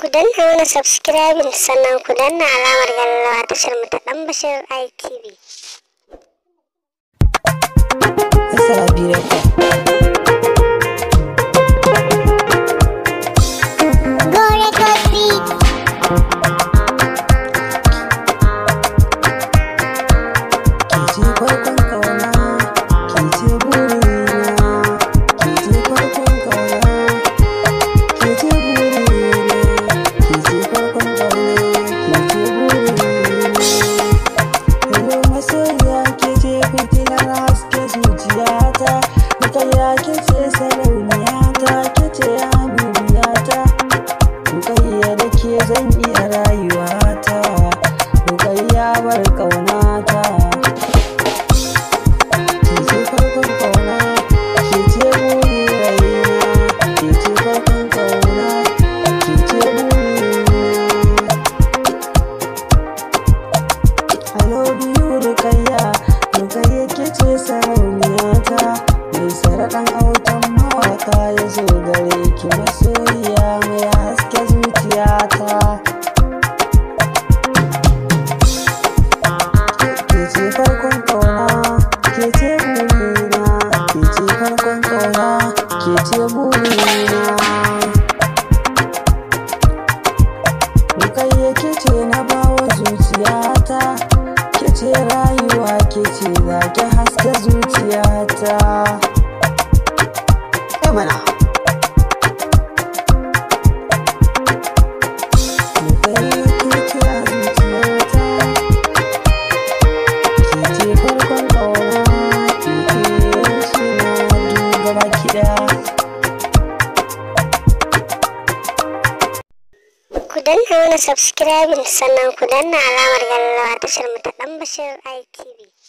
ku danna wani subscribe sannan ku danna alamar a tashar mu ta dan bashir ITV. Assalamu alaikum. fitilar haske zuciyata Bukayya kice sarauniyata kice habibiyata Bukayya da ke zan gare ki masoyiya mai haske zuciyata ke ce burina burina na bawa zuciyata rayuwa ke za ki haske zuciyata Hey, ku danna na subscribe sannan ku danna alamar gallawa tashar mu ta dan bashir ITV